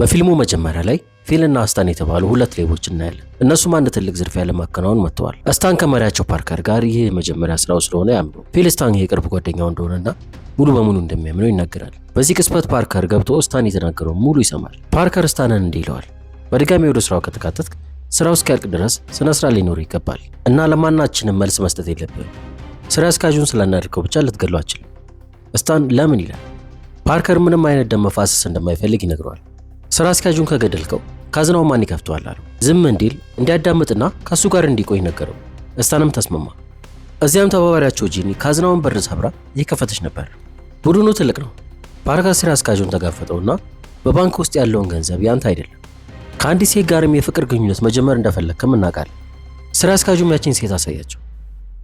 በፊልሙ መጀመሪያ ላይ ፊልና አስታን የተባሉ ሁለት ሌቦች እናያለን። እነሱም አንድ ትልቅ ዝርፊያ ለማከናወን መጥተዋል። እስታን ከመሪያቸው ፓርከር ጋር ይህ የመጀመሪያ ስራው ስለሆነ ያምኑ። ፊል ስታን የቅርብ ጓደኛው እንደሆነና ሙሉ በሙሉ እንደሚያምነው ይናገራል። በዚህ ቅጽበት ፓርከር ገብቶ እስታን የተናገረውን ሙሉ ይሰማል። ፓርከር ስታንን እንዲህ ይለዋል፣ በድጋሚ ወደ ስራው ከተካተትክ ስራው እስኪያልቅ ድረስ ስነ ስራ ሊኖር ይገባል እና ለማናችንም መልስ መስጠት የለብህም። ስራ አስኪያጁን ስላናድርከው ብቻ ልትገሏችል። ስታን ለምን ይላል። ፓርከር ምንም አይነት ደም መፋሰስ እንደማይፈልግ ይነግረዋል። ስራ አስኪያጁን ከገደልከው ካዝናው ማን ይከፍተዋል አለው። ዝም እንዲል እንዲያዳምጥና ከእሱ ጋር እንዲቆይ ነገረው። እስታንም ተስማማ። እዚያም ተባባሪያቸው ጂኒ ካዝናውን በር ሰብራ እየከፈተች ነበር። ቡድኑ ትልቅ ነው። ፓርከር ስራ አስኪያጁን ተጋፈጠውና በባንክ ውስጥ ያለውን ገንዘብ ያንተ አይደለም፣ ከአንዲት ሴት ጋርም የፍቅር ግንኙነት መጀመር እንደፈለግክም እናውቃለን። ስራ አስኪያጁም ያችን ሴት አሳያቸው።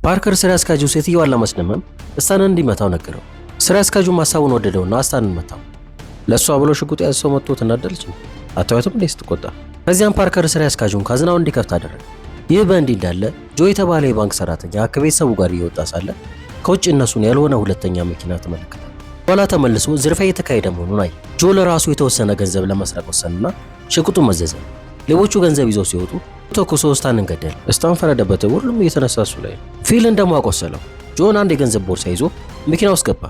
ፓርከር ስራ አስኪያጁ ሴትየዋን ለማስደመም እስታንን እንዲመታው ነገረው። ስራ አስኪያጁም ሀሳቡን ወደደውና እስታንን መታው። ለእሷ ብሎ ሽጉጥ ያዘ ሰው መጥቶ ትናደለች። አታዩትም እንዴ ስትቆጣ? ከዚያም ፓርከር ስራ ያስካዡን ካዝናው እንዲከፍት አደረገ። ይህ በእንዲህ እንዳለ ጆ የተባለ የባንክ ሰራተኛ ከቤተሰቡ ጋር እየወጣ ሳለ ከውጭ እነሱን ያልሆነ ሁለተኛ መኪና ተመለከተ። ኋላ ተመልሶ ዝርፊያ የተካሄደ መሆኑን አየ። ጆ ለራሱ የተወሰነ ገንዘብ ለመስረቅ ወሰንና ሽጉጡን መዘዘ። ሌቦቹ ገንዘብ ይዘው ሲወጡ ተኩሶ ስታንን ገደለ። እስታን ፈረደበት። ሁሉም እየተነሳሱ ላይ ፊል እንደማቆሰለው ጆን አንድ የገንዘብ ቦርሳ ይዞ መኪና ውስጥ ገባ።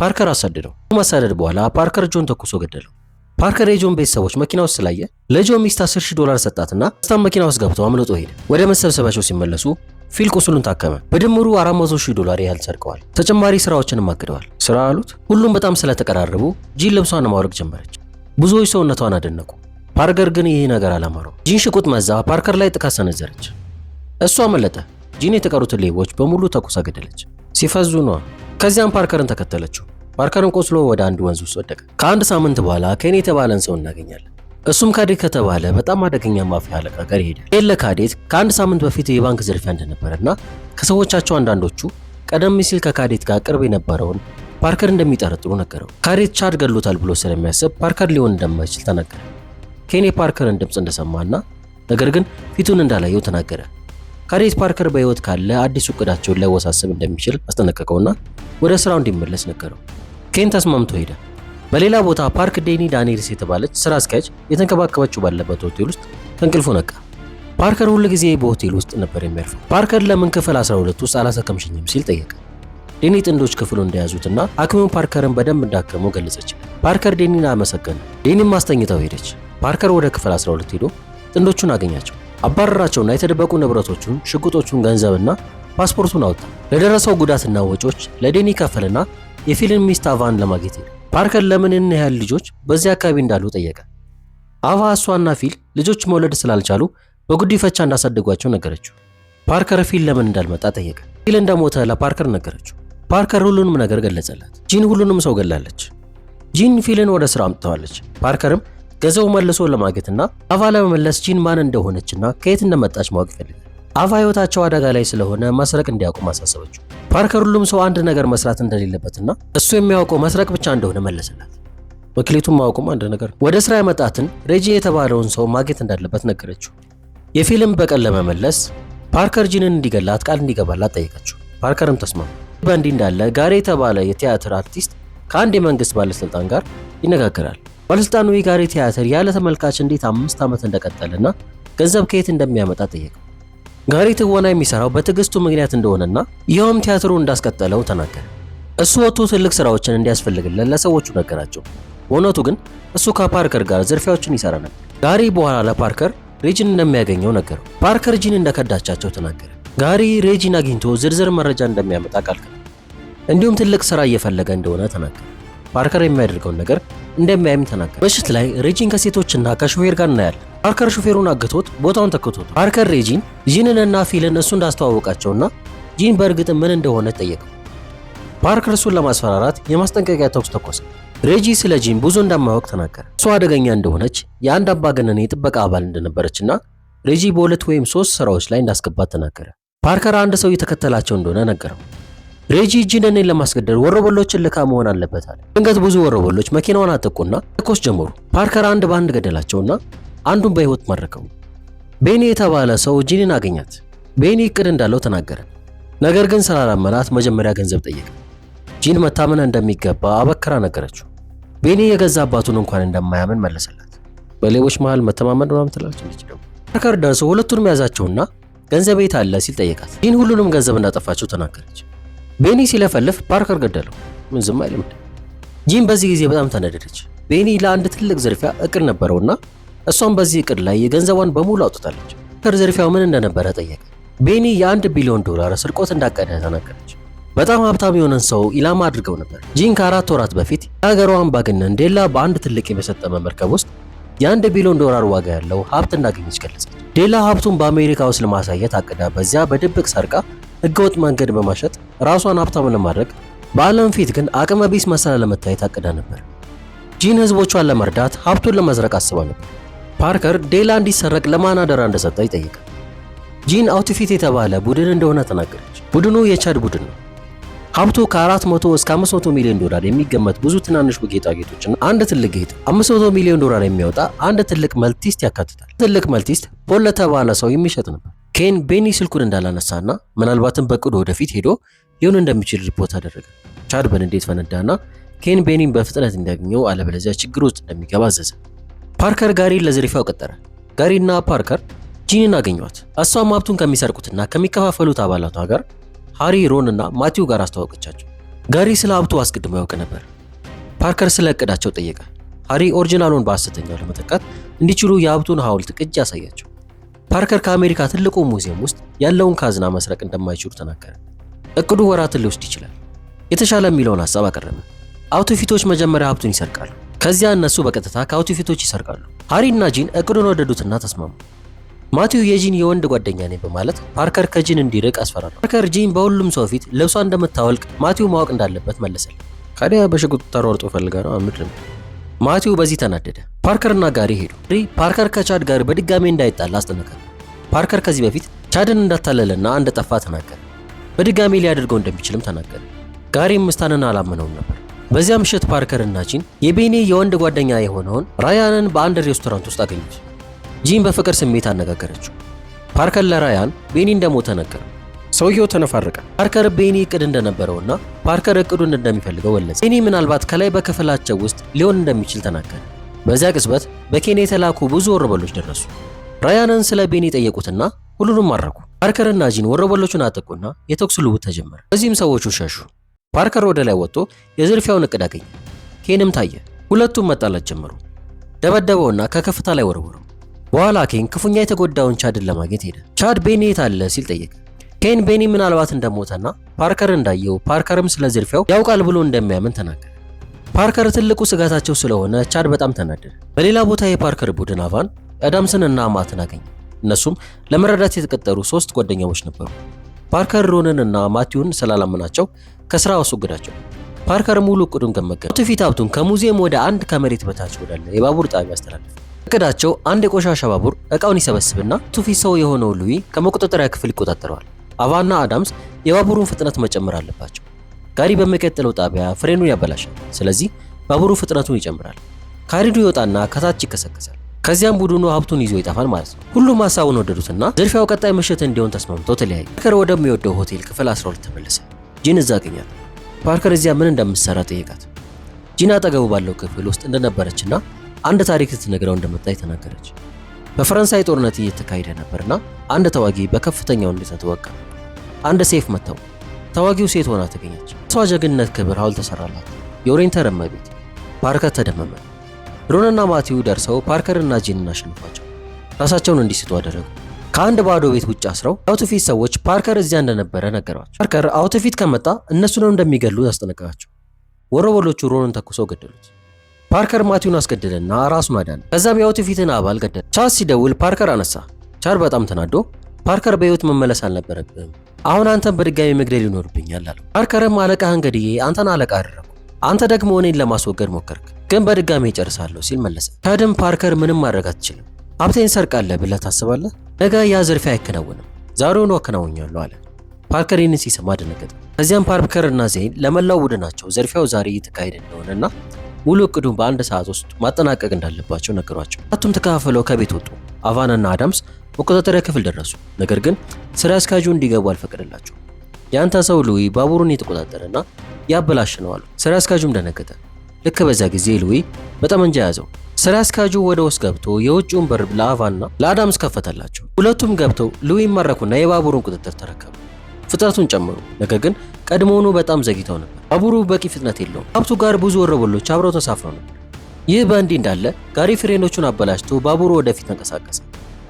ፓርከር አሳደደው። ከማሳደድ በኋላ ፓርከር ጆን ተኩሶ ገደለው። ፓርከር የጆን ቤተሰቦች መኪና ውስጥ ስላየ ለጆ ሚስት 10 ሺህ ዶላር ሰጣትና ስታም መኪና ውስጥ ገብተው አምልጦ ሄደ። ወደ መሰብሰባቸው ሲመለሱ ፊል ቁስሉን ታከመ። በድምሩ 400 ሺህ ዶላር ያህል ሰርቀዋል። ተጨማሪ ስራዎችንም አግደዋል። ስራ አሉት። ሁሉም በጣም ስለተቀራረቡ ጂን ልብሷን ማውለቅ ጀመረች። ብዙዎች ሰውነቷን አደነቁ። ፓርከር ግን ይህ ነገር አላማረው። ጂን ሽቁጥ መዛ ፓርከር ላይ ጥቃት ሰነዘረች። እሷ አመለጠ። ጂን የተቀሩትን ሌቦች በሙሉ ተኩሳ ገደለች። ሲፈዙ ነዋ። ከዚያም ፓርከርን ተከተለችው። ፓርከርን ቆስሎ ወደ አንድ ወንዝ ውስጥ ወደቀ። ከአንድ ሳምንት በኋላ ኬን የተባለን ሰው እናገኛለን። እሱም ካዴት ከተባለ በጣም አደገኛ ማፊያ አለቃ ጋር ይሄዳል። ኤለ ካዴት ከአንድ ሳምንት በፊት የባንክ ዝርፊያ እንደነበረና ከሰዎቻቸው አንዳንዶቹ ቀደም ሲል ከካዴት ጋር ቅርብ የነበረውን ፓርከር እንደሚጠረጥሩ ነገረው። ካዴት ቻድ ገሎታል ብሎ ስለሚያስብ ፓርከር ሊሆን እንደማይችል ተናገረ። ኬን የፓርከርን ድምፅ እንደሰማና ነገር ግን ፊቱን እንዳላየው ተናገረ። ካዴት ፓርከር በህይወት ካለ አዲሱ እቅዳቸውን ሊያወሳስብ እንደሚችል አስጠነቀቀውና ወደ ስራው እንዲመለስ ነገረው። ኬን ተስማምቶ ሄደ። በሌላ ቦታ ፓርክ ዴኒ ዳኒልስ የተባለች ስራ አስኪያጅ የተንከባከበችው ባለበት ሆቴል ውስጥ ከእንቅልፉ ነቃ። ፓርከር ሁል ጊዜ በሆቴል ውስጥ ነበር የሚያርፈው። ፓርከር ለምን ክፍል 12 ውስጥ አላሰከምሽኝም ሲል ጠየቀ። ዴኒ ጥንዶች ክፍሉ እንደያዙትና ሐኪሙን ፓርከርን በደንብ እንዳከመው ገለጸች። ፓርከር ዴኒን አመሰገነ። ዴኒም አስተኝታው ሄደች። ፓርከር ወደ ክፍል 12 ሄዶ ጥንዶቹን አገኛቸው። አባረራቸውና የተደበቁ ንብረቶቹን፣ ሽጉጦቹን፣ ገንዘብና ፓስፖርቱን አወጣ። ለደረሰው ጉዳትና ወጪዎች ለዴኒ ከፈልና የፊልም ሚስት አቫን ለማግኘት ፓርከር ለምን እና ያህል ልጆች በዚህ አካባቢ እንዳሉ ጠየቀ። አቫ እሷና ፊል ልጆች መውለድ ስላልቻሉ በጉዲፈቻ እንዳሳደጓቸው ነገረችው። ፓርከር ፊል ለምን እንዳልመጣ ጠየቀ። ፊል እንደሞተ ለፓርከር ነገረችው። ፓርከር ሁሉንም ነገር ገለጸላት። ጂን ሁሉንም ሰው ገላለች። ጂን ፊልን ወደ ስራ አምጥተዋለች። ፓርከርም ገዘው መልሶ ለማግኘትና አቫ ለመመለስ ጂን ማን እንደሆነችና ከየት እንደመጣች ማወቅ ይፈልጋል። አቫ ህይወታቸው አደጋ ላይ ስለሆነ መስረቅ እንዲያውቁም አሳሰበችው። ፓርከር ሁሉም ሰው አንድ ነገር መስራት እንደሌለበትና እሱ የሚያውቀው መስረቅ ብቻ እንደሆነ መለሰላት። መክሊቱም ማወቁም አንድ ነገር ወደ ስራ ያመጣትን ሬጂ የተባለውን ሰው ማግኘት እንዳለበት ነገረችው። የፊልም በቀል ለመመለስ ፓርከር ጂንን እንዲገላት ቃል እንዲገባላት ጠየቀችው። ፓርከርም ተስማማ። በእንዲህ እንዳለ ጋሪ የተባለ የቲያትር አርቲስት ከአንድ የመንግስት ባለስልጣን ጋር ይነጋገራል። ባለስልጣኑ የጋሪ ቲያትር ያለ ተመልካች እንዴት አምስት ዓመት እንደቀጠለና ገንዘብ ከየት እንደሚያመጣ ጠየቀ። ጋሪ ትወና የሚሰራው በትዕግስቱ ምክንያት እንደሆነና ይኸውም ቲያትሩ እንዳስቀጠለው ተናገረ። እሱ ወጥቶ ትልቅ ስራዎችን እንዲያስፈልግለን ለሰዎቹ ነገራቸው። በእውነቱ ግን እሱ ከፓርከር ጋር ዝርፊያዎችን ይሰራ ነበር። ጋሪ በኋላ ለፓርከር ሬጂን እንደሚያገኘው ነገረው። ፓርከር ጂን እንደከዳቻቸው ተናገረ። ጋሪ ሬጂን አግኝቶ ዝርዝር መረጃ እንደሚያመጣ ቃል እንዲሁም ትልቅ ስራ እየፈለገ እንደሆነ ተናገረ። ፓርከር የሚያደርገውን ነገር እንደሚያይም ተናገረ። ምሽት ላይ ሬጂን ከሴቶችና ከሾፌር ጋር እናያለን። ፓርከር ሾፌሩን አግቶት ቦታውን ተክቶት ፓርከር ሬጂን ጂንንና ፊልን እሱ እንዳስተዋወቃቸውና ጂን በእርግጥ ምን እንደሆነ ጠየቀው። ፓርከር እሱን ለማስፈራራት የማስጠንቀቂያ ተኩስ ተኮሰ። ሬጂ ስለ ጂን ብዙ እንደማያውቅ ተናገረ። እሷ አደገኛ እንደሆነች የአንድ አምባገነን የጥበቃ አባል እንደነበረችና ሬጂ በሁለት ወይም ሶስት ስራዎች ላይ እንዳስገባት ተናገረ። ፓርከር አንድ ሰው እየተከተላቸው እንደሆነ ነገረው። ሬጂ እጅን እኔን ለማስገደል ወሮበሎችን ልካ መሆን አለበታል። ድንገት ብዙ ወሮበሎች መኪናውን አጠቁና ተኮስ ጀመሩ። ፓርከር አንድ በአንድ ገደላቸውና አንዱን በህይወት ማረከው። ቤኒ የተባለ ሰው ጂኒን አገኛት። ቤኒ እቅድ እንዳለው ተናገረ። ነገር ግን ስላላመናት መጀመሪያ ገንዘብ ጠየቀ። ጂን መታመን እንደሚገባ አበክራ ነገረችው። ቤኒ የገዛ አባቱን እንኳን እንደማያምን መለሰላት። በሌቦች መሃል መተማመን ምናምን ትላለች። ደግሞ ፓርከር ደርሶ ሁለቱንም ያዛቸውና ገንዘብ የት አለ ሲል ጠየቃት። ጂን ሁሉንም ገንዘብ እንዳጠፋቸው ተናገረች። ቤኒ ሲለፈልፍ ፓርከር ገደለው። ምን ዝም አይልም። ጂም በዚህ ጊዜ በጣም ተነደደች። ቤኒ ለአንድ ትልቅ ዝርፊያ እቅድ ነበረውና እሷም በዚህ እቅድ ላይ የገንዘቧን በሙሉ አውጥታለች። ፓርከር ዝርፊያው ምን እንደነበረ ጠየቀ። ቤኒ የአንድ ቢሊዮን ዶላር ስርቆት እንዳቀደ ተናገረች። በጣም ሀብታም የሆነን ሰው ኢላማ አድርገው ነበር። ጂን ከአራት ወራት በፊት የሀገሯ አምባገነን ዴላ በአንድ ትልቅ የመሰጠመ መርከብ ውስጥ የአንድ ቢሊዮን ዶላር ዋጋ ያለው ሀብት እንዳገኘች ገለጸች። ዴላ ሀብቱን በአሜሪካ ውስጥ ለማሳየት አቅዳ በዚያ በድብቅ ሰርቃ ህገወጥ መንገድ በማሸጥ ራሷን ሀብታም ለማድረግ በዓለም ፊት ግን አቅመ ቢስ መሰላ ለመታየት አቅዳ ነበር። ጂን ህዝቦቿን ለመርዳት ሀብቱን ለመዝረቅ አስባ ነበር። ፓርከር ዴላ እንዲሰረቅ ለማን አደራ እንደሰጠ ይጠይቃል። ጂን አውትፊት የተባለ ቡድን እንደሆነ ተናገረች። ቡድኑ የቻድ ቡድን ነው። ሀብቱ ከ400 እስከ 500 ሚሊዮን ዶላር የሚገመት ብዙ ትናንሽ ጌጣጌጦችና አንድ ትልቅ ጌጥ 500 ሚሊዮን ዶላር የሚያወጣ አንድ ትልቅ መልቲስት ያካትታል። ትልቅ መልቲስት ቦል ለተባለ ሰው የሚሸጥ ነበር። ኬን ቤኒ ስልኩን እንዳላነሳና ምናልባትም በቅዶ ወደፊት ሄዶ ሊሆን እንደሚችል ሪፖርት አደረገ። ቻድ በንዴት ፈነዳና ኬን ቤኒን በፍጥነት እንዲያገኘው አለበለዚያ ችግር ውስጥ እንደሚገባ አዘዘ። ፓርከር ጋሪን ለዘሪፋው ቀጠረ። ጋሪና ፓርከር ጂንን አገኟት። እሷም ሀብቱን ከሚሰርቁትና ከሚከፋፈሉት አባላቷ ጋር ሃሪ፣ ሮን እና ማቲው ጋር አስተዋወቀቻቸው። ጋሪ ስለ ሀብቱ አስቀድሞ ያውቅ ነበር። ፓርከር ስለ እቅዳቸው ጠየቀ። ሃሪ ኦሪጂናሉን በሐሰተኛው ለመጠቃት እንዲችሉ የሀብቱን ሐውልት ቅጅ አሳያቸው። ፓርከር ከአሜሪካ ትልቁ ሙዚየም ውስጥ ያለውን ካዝና መስረቅ እንደማይችሉ ተናገረ። እቅዱ ወራትን ሊወስድ ይችላል። የተሻለ የሚለውን ሀሳብ አቀረበ። አውቶፊቶች መጀመሪያ ሀብቱን ይሰርቃሉ። ከዚያ እነሱ በቀጥታ ከአውቶፊቶች ይሰርቃሉ። እና ጂን እቅዱን ወደዱትና ተስማሙ። ማቲው የጂን የወንድ ጓደኛ ነኝ በማለት ፓርከር ከጂን እንዲርቅ አስፈራራ። ፓርከር ጂን በሁሉም ሰው ፊት ልብሷ እንደምታወልቅ ማቲው ማወቅ እንዳለበት መለሰል። ካዲያ በሽጉጥ ተሯርጦ ፈልጋ ነው አምድር። ማቲው በዚህ ተናደደ። ፓርከርና ጋሪ ሄዱ። ፓርከር ከቻድ ጋር በድጋሚ እንዳይጣላ አስጠነቀቀ። ፓርከር ከዚህ በፊት ቻድን እንዳታለለና እንደጠፋ ተናገረ። በድጋሚ ሊያደርገው እንደሚችልም ተናገረ። ጋሪም ምስታንን አላመነውም ነበር። በዚያ ምሽት ፓርከር እና ጂን የቤኒ የወንድ ጓደኛ የሆነውን ራያንን በአንድ ሬስቶራንት ውስጥ አገኙት። ጂን በፍቅር ስሜት አነጋገረችው። ፓርከር ለራያን ቤኒ እንደሞተ ነገረ። ሰውየው ተነፋረቀ። ፓርከር ቤኒ እቅድ እንደነበረውና ፓርከር እቅዱን እንደሚፈልገው ገለጸ። ቤኒ ምናልባት ከላይ በክፍላቸው ውስጥ ሊሆን እንደሚችል ተናገረ። በዚያ ቅጽበት በኬንያ የተላኩ ብዙ ወሮበሎች ደረሱ። ራያንን ስለ ቤኒ ጠየቁትና ሁሉንም ማረኩ። ፓርከርና ጂን ወሮበሎቹን አጠቁና የተኩስ ልውውጥ ተጀመረ። በዚህም ሰዎቹ ሸሹ። ፓርከር ወደ ላይ ወጥቶ የዝርፊያውን እቅድ አገኘ። ኬንም ታየ። ሁለቱም መጣላት ጀመሩ። ደበደበውና ከከፍታ ላይ ወረወረው። በኋላ ኬን ክፉኛ የተጎዳውን ቻድን ለማግኘት ሄደ። ቻድ ቤኒ የት አለ ሲል ጠየቀ። ኬን ቤኒ ምናልባት እንደሞተና ፓርከር እንዳየው ፓርከርም ስለ ዝርፊያው ያውቃል ብሎ እንደሚያምን ተናገረ። ፓርከር ትልቁ ስጋታቸው ስለሆነ ቻድ በጣም ተናደደ። በሌላ ቦታ የፓርከር ቡድን አቫን እና ማትን አገኘ። እነሱም ለመረዳት የተቀጠሩ ሶስት ጓደኛሞች ነበሩ። ፓርከር ሮንን እና ማቲውን ስላላመናቸው ከስራ አስወገዳቸው። ፓርከር ሙሉ እቅዱን ገመገመ። ትውፊት ሀብቱን ከሙዚየም ወደ አንድ ከመሬት በታች ወዳለ የባቡር ጣቢያ አስተላለፈ። እቅዳቸው አንድ የቆሻሻ ባቡር እቃውን ይሰበስብና ትውፊት ሰው የሆነው ሉዊ ከመቆጣጠሪያ ክፍል ይቆጣጠረዋል። አቫና አዳምስ የባቡሩን ፍጥነት መጨመር አለባቸው። ጋሪ በሚቀጥለው ጣቢያ ፍሬኑን ያበላሻል። ስለዚህ ባቡሩ ፍጥነቱን ይጨምራል። ካሪዱ ይወጣና ከታች ይከሰከሳል። ከዚያም ቡድኑ ሀብቱን ይዞ ይጠፋል ማለት ነው። ሁሉም ሀሳቡን ወደዱትና ዝርፊያው ቀጣይ ምሽት እንዲሆን ተስማምተው ተለያዩ። ፓርከር ወደሚወደው ሆቴል ክፍል 12 ተመለሰ። ጂን እዛ አገኛት። ፓርከር እዚያ ምን እንደምትሰራ ጠየቃት። ጂን አጠገቡ ባለው ክፍል ውስጥ እንደነበረችና አንድ ታሪክ ልትነግረው እንደመጣች ተናገረች። በፈረንሳይ ጦርነት እየተካሄደ ነበርና አንድ ተዋጊ በከፍተኛ ሁኔታ ተወጋ። አንድ ሴፍ መታው። ተዋጊው ሴት ሆና ተገኘች። እሷ ጀግንነት ክብር ሐውልት ተሰራላት። የኦሬንተር እመቤት ፓርከር ተደመመ። ሮንና ማቲው ደርሰው ፓርከርና ጂንን አሸንፏቸው ራሳቸውን እንዲስቱ አደረጉ። ከአንድ ባዶ ቤት ውጭ አስረው የአውቶፊት ሰዎች ፓርከር እዚያ እንደነበረ ነገሯቸው። ፓርከር አውቶፊት ከመጣ እነሱንም እንደሚገሉ አስጠነቀቃቸው። ወሮበሎቹ ሮንን ተኩሰው ገደሉት። ፓርከር ማቲውን አስገደለና ራሱን አዳነ። ከዛም የአውቶፊትን አባል ገደለ። ቻር ሲደውል ፓርከር አነሳ። ቻር በጣም ተናዶ ፓርከር በህይወት መመለስ አልነበረብም፣ አሁን አንተን በድጋሚ መግደል ይኖርብኛል አለው። ፓርከርም አለቃህን ገድዬ አንተን አለቃ አደረኩ፣ አንተ ደግሞ እኔን ለማስወገድ ሞከርክ ግን በድጋሚ ይጨርሳለሁ ሲል መለሰ። ከድም ፓርከር ምንም ማድረግ አትችልም። ሀብቴን ሰርቃለህ ብለህ ታስባለህ? ነገ ያ ዝርፊያ አይከናወንም። ዛሬውኑ አከናውኛለሁ አለ። ፓርከር ይህን ሲሰማ ደነገጠ። ከዚያም ፓርከር እና ዜን ለመላው ቡድናቸው ዝርፊያው ዛሬ እየተካሄደ እንደሆነና ሙሉ እቅዱን በአንድ ሰዓት ውስጥ ማጠናቀቅ እንዳለባቸው ነገሯቸው። አራቱም ተከፋፍለው ከቤት ወጡ። አቫናና አዳምስ መቆጣጠሪያ ክፍል ደረሱ። ነገር ግን ስራ አስኪያጁ እንዲገቡ አልፈቀደላቸው። የአንተ ሰው ሉዊ ባቡሩን የተቆጣጠረና ያበላሽ ነው አሉ። ስራ አስኪያጁም ደነገጠ። ልክ በዛ ጊዜ ሉዊ በጠመንጃ ያዘው። ስራ አስኪያጁ ወደ ውስጥ ገብቶ የውጭውን በር ለአቫና ለአዳምስ ከፈተላቸው። ሁለቱም ገብተው ሉዊ መረኩና የባቡሩን ቁጥጥር ተረከቡ። ፍጥነቱን ጨምሩ። ነገር ግን ቀድሞውኑ በጣም ዘግይተው ነበር። ባቡሩ በቂ ፍጥነት የለውም። ሀብቱ ጋር ብዙ ወረበሎች አብረው ተሳፍረው ነበር። ይህ በእንዲህ እንዳለ ጋሪ ፍሬኖቹን አበላሽቶ ባቡሩ ወደፊት ተንቀሳቀሰ።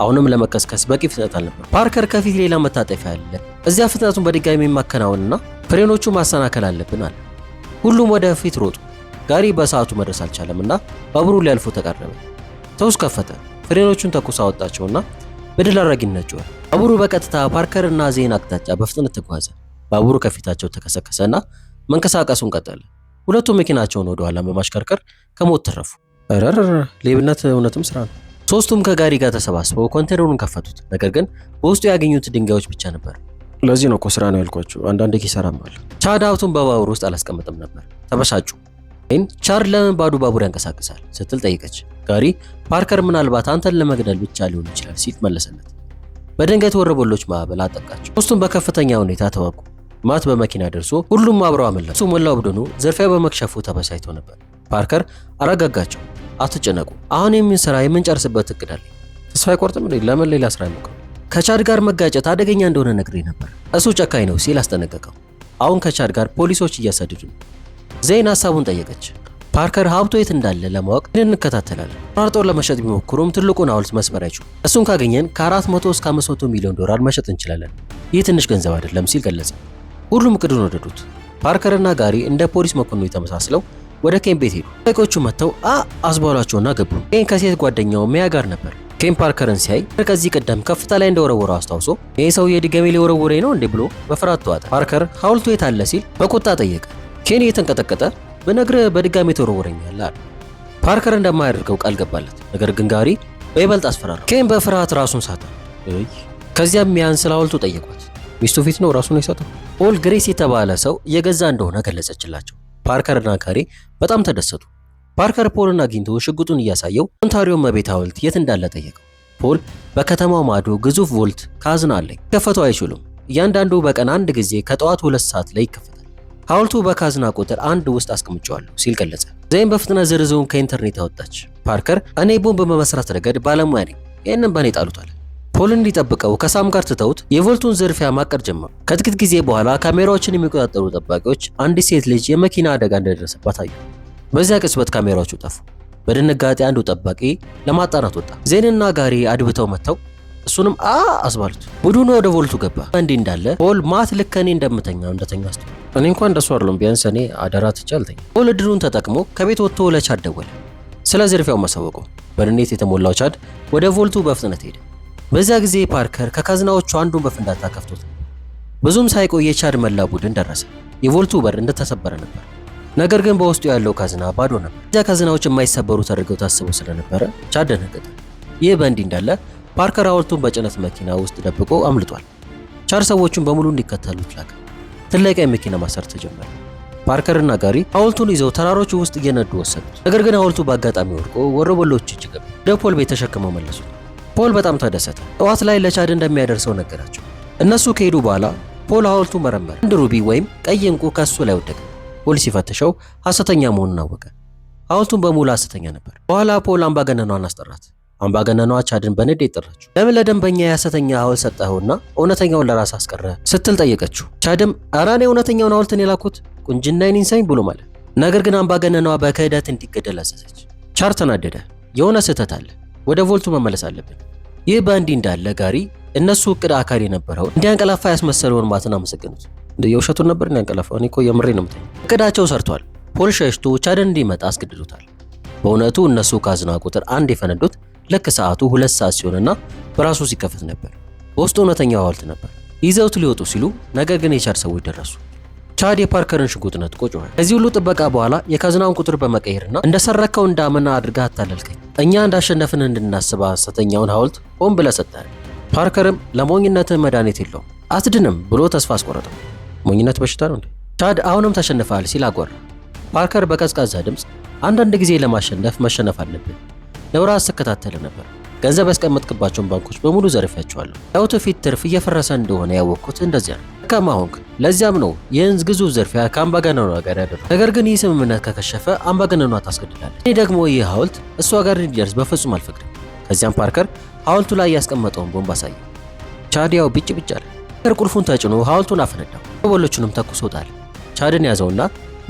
አሁንም ለመከስከስ በቂ ፍጥነት አልነበር። ፓርከር ከፊት ሌላ መታጠፊያ አለ፣ እዚያ ፍጥነቱን በድጋሚ ማከናወንና ፍሬኖቹ ማሰናከል አለብን አለ። ሁሉም ወደፊት ሮጡ። ጋሪ በሰዓቱ መድረስ አልቻለም እና ባቡሩ ሊያልፎ ተቃረበ። ተውስ ከፈተ፣ ፍሬኖቹን ተኩስ አወጣቸውና በድል አድራጊነት ጮኸ። ባቡሩ በቀጥታ ፓርከር እና ዜን አቅጣጫ በፍጥነት ተጓዘ። ባቡሩ ከፊታቸው ተከሰከሰና መንቀሳቀሱን ቀጠለ። ሁለቱ መኪናቸውን ወደኋላ በማሽከርከር ከሞት ተረፉ። ረረረ ሌብነት እውነትም ስራ ነው። ሶስቱም ከጋሪ ጋር ተሰባስበው ኮንቴነሩን ከፈቱት። ነገር ግን በውስጡ ያገኙት ድንጋዮች ብቻ ነበር። ለዚህ ነው እኮ ስራ ነው ያልኳቸው። አንዳንድ ኪሳራም አለ። ቻድ ሀብቱን በባቡር ውስጥ አላስቀምጥም ነበር። ተበሳጩ። ፔን ቻርድ ለምን ባዶ ባቡር ያንቀሳቅሳል ስትል ጠይቀች። ጋሪ ፓርከር ምናልባት አንተን ለመግደል ብቻ ሊሆን ይችላል ሲል መለሰለት። በድንገት ወረበሎች ማዕበል አጠቃቸው። ሶስቱም በከፍተኛ ሁኔታ ተዋጉ። ማት በመኪና ደርሶ ሁሉም አብረው አመለጡ። እሱ ሞላው ብዶኑ ዘርፊያ በመክሸፉ ተበሳጭቶ ነበር። ፓርከር አረጋጋቸው። አትጨነቁ፣ አሁን የምን ስራ የምንጨርስበት እቅድ አለ። ተስፋ አይቆርጥም እንዴ? ለምን ሌላ ስራ አይሞክርም? ከቻድ ጋር መጋጨት አደገኛ እንደሆነ ነግሬ ነበር። እሱ ጨካኝ ነው ሲል አስጠነቀቀው። አሁን ከቻድ ጋር ፖሊሶች እያሳደዱ ነው። ዜን ሀሳቡን ጠየቀች። ፓርከር ሀብቶ የት እንዳለ ለማወቅ እንከታተላለን። ቆራርጠው ለመሸጥ ቢሞክሩም ትልቁን ሐውልት መስበር አይችሉ። እሱን ካገኘን ከ400 እስከ 500 ሚሊዮን ዶላር መሸጥ እንችላለን። ይህ ትንሽ ገንዘብ አይደለም ሲል ገለጸ። ሁሉም እቅዱን ወደዱት። ፓርከርና ጋሪ እንደ ፖሊስ መኮንኑ የተመሳስለው ወደ ኬን ቤት ሄዱ። ጠቂዎቹ መጥተው አ አስባሏቸውና ገቡ። ኬን ከሴት ጓደኛው ሚያ ጋር ነበር። ኬን ፓርከርን ሲያይ ከዚህ ቀደም ከፍታ ላይ እንደወረወረው አስታውሶ ይህ ሰውዬ ድጋሜ ሊወረውረኝ ነው እንዴ ብሎ በፍርሃት ተዋጠ። ፓርከር ሐውልቱ የት አለ ሲል በቁጣ ጠየቀ። ኬን እየተንቀጠቀጠ በነግረ በድጋሚ ተወረወረኛል አለ። ፓርከር እንደማያደርገው ቃል ገባለት። ነገር ግን ጋሪ በይበልጥ አስፈራራ። ኬን በፍርሃት ራሱን ሳተ። ከዚያም ያን ስለ ሐውልቱ ጠየቋት። ሚስቱ ፊት ነው ራሱን የሳተው። ኦል ግሬስ የተባለ ሰው የገዛ እንደሆነ ገለጸችላቸው። ፓርከርና ጋሪ በጣም ተደሰቱ። ፓርከር ፖልን አግኝቶ ሽጉጡን እያሳየው ኦንታሪዮ መቤት ሐውልት የት እንዳለ ጠየቀው። ፖል በከተማው ማዶ ግዙፍ ቮልት ካዝና አለኝ፣ ከፈተው አይችሉም። እያንዳንዱ በቀን አንድ ጊዜ ከጠዋት ሁለት ሰዓት ላይ ይከፈታል። ሐውልቱ በካዝና ቁጥር አንድ ውስጥ አስቀምጨዋለሁ ሲል ገለጸ። ዘይን በፍጥነት ዝርዝሩን ከኢንተርኔት አወጣች። ፓርከር እኔ ቦምብ በመስራት ረገድ ባለሙያ ነኝ፣ ይህንን በእኔ ጣሉታል። ፖል እንዲጠብቀው ከሳም ጋር ትተውት የቮልቱን ዝርፊያ ማቀድ ጀመሩ። ከጥቂት ጊዜ በኋላ ካሜራዎችን የሚቆጣጠሩ ጠባቂዎች አንዲት ሴት ልጅ የመኪና አደጋ እንደደረሰባት አዩ። በዚያ ቅጽበት ካሜራዎቹ ጠፉ። በድንጋጤ አንዱ ጠባቂ ለማጣራት ወጣ። ዜንና ጋሪ አድብተው መጥተው እሱንም አ አስባሉት። ቡድኑ ወደ ቮልቱ ገባ። እንዲህ እንዳለ ቦል ማት ልክ እኔ እንደምተኛው እንደተኛ ስ እኔ እንኳ እንደሱ አይደለም፣ ቢያንስ እኔ አደራ ትቼ አልተኛ። ቦል እድሉን ተጠቅሞ ከቤት ወጥቶ ለቻድ ደወለ። ስለ ዝርፊያው ማሳወቁ በንኔት የተሞላው ቻድ ወደ ቮልቱ በፍጥነት ሄደ። በዚያ ጊዜ ፓርከር ከካዝናዎቹ አንዱን በፍንዳታ ከፍቶት፣ ብዙም ሳይቆይ የቻድ መላ ቡድን ደረሰ። የቮልቱ በር እንደተሰበረ ነበር፣ ነገር ግን በውስጡ ያለው ካዝና ባዶ ነበር። እዚያ ካዝናዎች የማይሰበሩ ተደርገው ታስበው ስለነበረ ቻድ ደነገጠ። ይህ በእንዲህ እንዳለ ፓርከር ሐውልቱን በጭነት መኪና ውስጥ ደብቆ አምልጧል። ቻር ሰዎቹን በሙሉ እንዲከተሉት ላከ። ትልቅ የመኪና ማሰር ተጀመረ። ፓርከርና ጋሪ ሐውልቱን ይዘው ተራሮች ውስጥ እየነዱ ወሰዱት። ነገር ግን ሐውልቱ በአጋጣሚ ወድቆ ወሮበሎች እጅ ገባ። ወደ ፖል ቤት ተሸክመው መለሱት ፖል በጣም ተደሰተ። ጠዋት ላይ ለቻድ እንደሚያደርሰው ነገራቸው። እነሱ ከሄዱ በኋላ ፖል ሐውልቱ መረመረ። አንድ ሩቢ ወይም ቀይ እንቁ ከሱ ላይ ወደቀ። ፖል ሲፈትሸው ሐሰተኛ መሆኑን አወቀ። ሐውልቱን በሙሉ ሐሰተኛ ነበር። በኋላ ፖል አምባገነኗን አስጠራት። አምባገነኗ ቻድን በንዴት ጠራችው። ለምን ለደንበኛ የሐሰተኛ ሐውልት ሰጠኸውና እውነተኛውን ለራስ አስቀረ ስትል ጠየቀችው። ቻድም ኧረ እኔ እውነተኛውን ሐውልትን የላኩት ቁንጅናዬን ይንሳኝ ብሎ ማለት ነገር ግን አምባገነኗ በክህደት እንዲገደል አዘዘች። ቻር ተናደደ። የሆነ ስህተት አለ፣ ወደ ቮልቱ መመለስ አለብን። ይህ በእንዲህ እንዳለ ጋሪ እነሱ እቅድ አካል የነበረውን እንዲያንቀላፋ ያስመሰለውን ማትን አመሰገኑት። የውሸቱን ነበር እንዲያንቀላፋ እኔ እኮ የምሬ ነው ምታ እቅዳቸው ሰርቷል። ፖል ሸሽቶ ቻድን እንዲመጣ አስገድዶታል። በእውነቱ እነሱ ካዝና ቁጥር አንድ የፈነዱት ልክ ሰዓቱ ሁለት ሰዓት ሲሆንና በራሱ ሲከፈት ነበር። በውስጡ እውነተኛ ሐውልት ነበር። ይዘውት ሊወጡ ሲሉ ነገር ግን የቻድ ሰዎች ደረሱ። ቻድ የፓርከርን ሽጉጥ ነጥቆ ጮኸ። ከዚህ ሁሉ ጥበቃ በኋላ የካዝናውን ቁጥር በመቀየርና እንደሰረከው እንዳመና አድርጋ አታለልከኝ፣ እኛ እንዳሸነፍን እንድናስብ ሐሰተኛውን ሐውልት ሆን ብለህ ሰጠህ። ፓርከርም ለሞኝነትህ መድኃኒት የለውም አትድንም ብሎ ተስፋ አስቆረጠው። ሞኝነት በሽታ ነው እንዴ? ቻድ አሁንም ተሸንፈሃል ሲል አጓራ። ፓርከር በቀዝቃዛ ድምፅ አንዳንድ ጊዜ ለማሸነፍ መሸነፍ አለብን ለወራት ስከታተል ነበር። ገንዘብ ያስቀመጥክባቸውን ባንኮች በሙሉ ዘርፌያቸዋለሁ። ያውት ፊት ትርፍ እየፈረሰ እንደሆነ ያወቅኩት እንደዚያ ነው። ደካማ ሆንክ። ለዚያም ነው የህንዝ ግዙፍ ዘርፊያ ከአምባገነኗ ጋር ያደረገ። ነገር ግን ይህ ስምምነት ከከሸፈ አምባገነኗ ታስገድላለች። እኔ ደግሞ ይህ ሐውልት እሷ ጋር እንዲደርስ በፍጹም አልፈቅድም። ከዚያም ፓርከር ሐውልቱ ላይ ያስቀመጠውን ቦምብ አሳየ። ቻዲያው ብጭ ብጭ አለ። ፓርከር ቁልፉን ተጭኖ ሐውልቱን አፈነዳው። ቦሎቹንም ተኩሶ ጣለ። ቻድን ያዘውና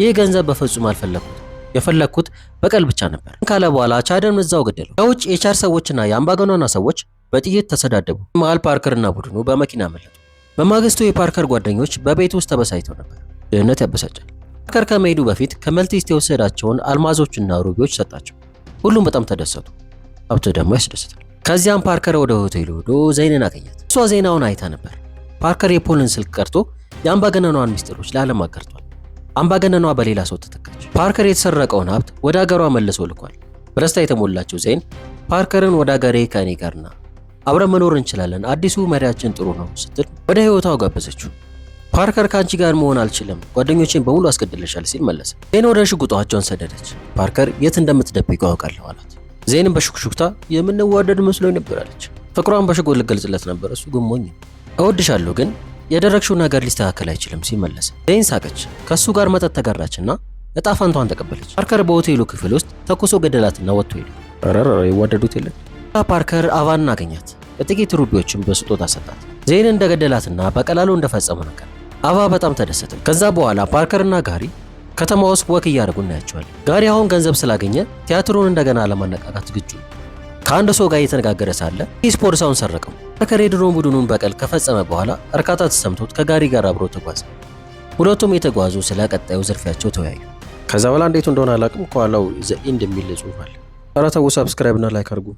ይህ ገንዘብ በፍጹም አልፈለኩት የፈለግኩት በቀል ብቻ ነበር ካለ በኋላ ቻደን እዛው ገደሉ። ከውጭ የቻድ ሰዎችና የአምባገኗና ሰዎች በጥይት ተሰዳደቡ። መሃል ፓርከርና ቡድኑ በመኪና መለጡ። በማግስቱ የፓርከር ጓደኞች በቤት ውስጥ ተበሳይተው ነበር። ድህነት ያበሳጫል። ፓርከር ከመሄዱ በፊት ከመልቲስ የወሰዳቸውን አልማዞችና ሩቢዎች ሰጣቸው። ሁሉም በጣም ተደሰቱ። ሀብት ደግሞ ያስደስታል። ከዚያም ፓርከር ወደ ሆቴሉ ሄዶ ዘይንን አገኛት። እሷ ዜናውን አይታ ነበር። ፓርከር የፖልን ስልክ ቀርቶ የአምባገነኗን ሚስጥሮች ለዓለም አጋርቷል። አምባገነኗ በሌላ ሰው ተተካች። ፓርከር የተሰረቀውን ሀብት ወደ አገሯ መልሶ ልኳል። በደስታ የተሞላችው ዜን ፓርከርን ወደ አገሬ ከእኔ ጋርና አብረን መኖር እንችላለን፣ አዲሱ መሪያችን ጥሩ ነው ስትል ወደ ህይወቷ ጋበዘችው። ፓርከር ከአንቺ ጋር መሆን አልችልም፣ ጓደኞቼን በሙሉ አስገድለሻል ሲል መለሰ። ዜን ወደ ሽጉጧቸውን ሰደደች። ፓርከር የት እንደምትደብቀው አውቃለሁ አላት። ዜንም በሹክሹክታ የምንዋደድ መስሎ ነበር አለች። ፍቅሯን በሽጉጥ ልገልጽለት ነበር፣ እሱ ግን ሞኝ እወድሻለሁ ግን ያደረግሽው ነገር ሊስተካከል አይችልም ሲመለስ ዴይን ሳቀች። ከእሱ ጋር መጠጥ ተጋራችና እጣ ፋንቷን ተቀበለች። ፓርከር በሆቴሉ ክፍል ውስጥ ተኩሶ ገደላትና ወጥቶ ሄዱ። ረረረ ይዋደዱት የለን ፓርከር አቫንን አገኛት። ጥቂት ሩቢዎችን በስጦታ ሰጣት። ዜን እንደገደላትና በቀላሉ እንደፈጸሙ ነገር አባ በጣም ተደሰተ። ከዛ በኋላ ፓርከርና ጋሪ ከተማ ውስጥ ወክ እያደረጉ እናያቸዋለን። ጋሪ አሁን ገንዘብ ስላገኘ ቲያትሩን እንደገና ለማነቃቃት ዝግጁ ከአንድ ሰው ጋር እየተነጋገረ ሳለ ኢስፖርሳውን ሰረቀው። ከሬድሮን ቡድኑን በቀል ከፈጸመ በኋላ እርካታ ተሰምቶት ከጋሪ ጋር አብሮ ተጓዘ። ሁለቱም የተጓዙ ስለ ቀጣዩ ዝርፊያቸው ተወያዩ። ከዛ በኋላ እንዴት እንደሆነ አላቅም። ከኋላው ዘ ኢንድ የሚል ጽሑፍ አለ። ኧረ ተው፣ ሰብስክራይብና ላይክ አድርጉ።